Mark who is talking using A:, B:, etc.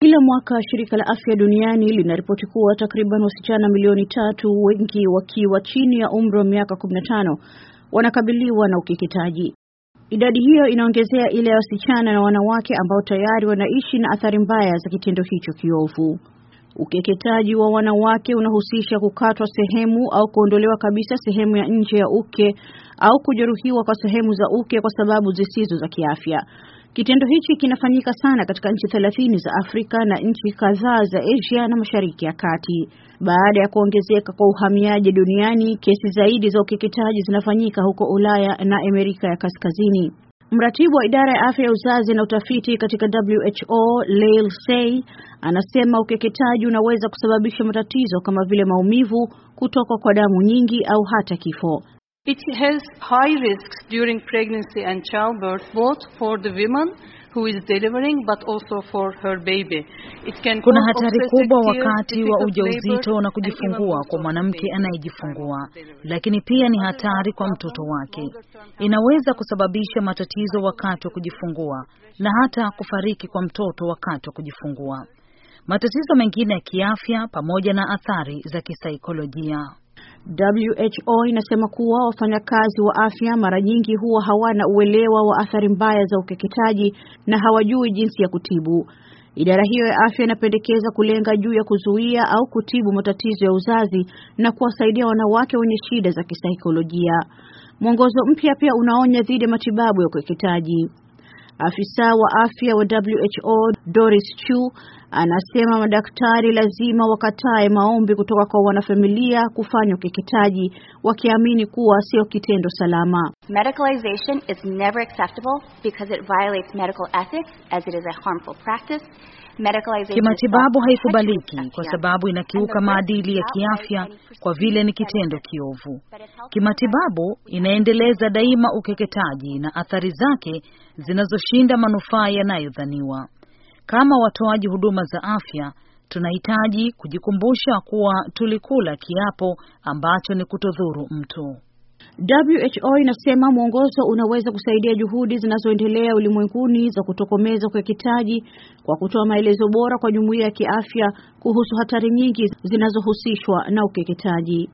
A: Kila mwaka shirika la afya duniani linaripoti kuwa takriban wasichana milioni tatu, wengi wakiwa chini ya umri wa miaka 15, wanakabiliwa na ukeketaji. Idadi hiyo inaongezea ile ya wasichana na wanawake ambao tayari wanaishi na athari mbaya za kitendo hicho kiovu. Ukeketaji wa wanawake unahusisha kukatwa sehemu au kuondolewa kabisa sehemu ya nje ya uke au kujeruhiwa kwa sehemu za uke kwa sababu zisizo za kiafya. Kitendo hichi kinafanyika sana katika nchi thelathini za Afrika na nchi kadhaa za Asia na Mashariki ya Kati. Baada ya kuongezeka kwa uhamiaji duniani, kesi zaidi za ukeketaji zinafanyika huko Ulaya na Amerika ya Kaskazini. Mratibu wa idara ya afya ya uzazi na utafiti katika WHO Lael Say anasema ukeketaji unaweza kusababisha matatizo kama vile maumivu, kutoka kwa damu nyingi au hata kifo.
B: It has high risks during pregnancy and childbirth, both for the woman who is delivering but also for her baby. It can kuna hatari kubwa wakati wa ujauzito na kujifungua kwa mwanamke anayejifungua, lakini pia ni hatari kwa mtoto wake. Inaweza kusababisha matatizo wakati wa kujifungua na hata kufariki kwa mtoto wakati wa kujifungua, matatizo mengine ya kiafya pamoja na athari za kisaikolojia.
A: WHO inasema kuwa wafanyakazi wa afya mara nyingi huwa hawana uelewa wa athari mbaya za ukeketaji na hawajui jinsi ya kutibu. Idara hiyo ya afya inapendekeza kulenga juu ya kuzuia au kutibu matatizo ya uzazi na kuwasaidia wanawake wenye shida za kisaikolojia. Mwongozo mpya pia unaonya dhidi ya matibabu ya ukeketaji. Afisa wa afya wa WHO Doris Chu Anasema madaktari lazima wakatae maombi kutoka kwa wanafamilia kufanya ukeketaji wakiamini kuwa sio kitendo salama. Medicalization is never acceptable because it violates medical ethics as it is a harmful practice. Kimatibabu haikubaliki
B: kwa sababu inakiuka maadili ya kiafya kwa vile ni kitendo kiovu. Kimatibabu inaendeleza daima ukeketaji na athari zake zinazoshinda manufaa yanayodhaniwa. Kama watoaji huduma za afya tunahitaji kujikumbusha kuwa tulikula kiapo ambacho ni kutodhuru mtu. WHO inasema mwongozo unaweza kusaidia
A: juhudi zinazoendelea ulimwenguni za kutokomeza ukeketaji kwa kutoa maelezo bora kwa jumuiya ya kiafya kuhusu hatari nyingi zinazohusishwa na ukeketaji.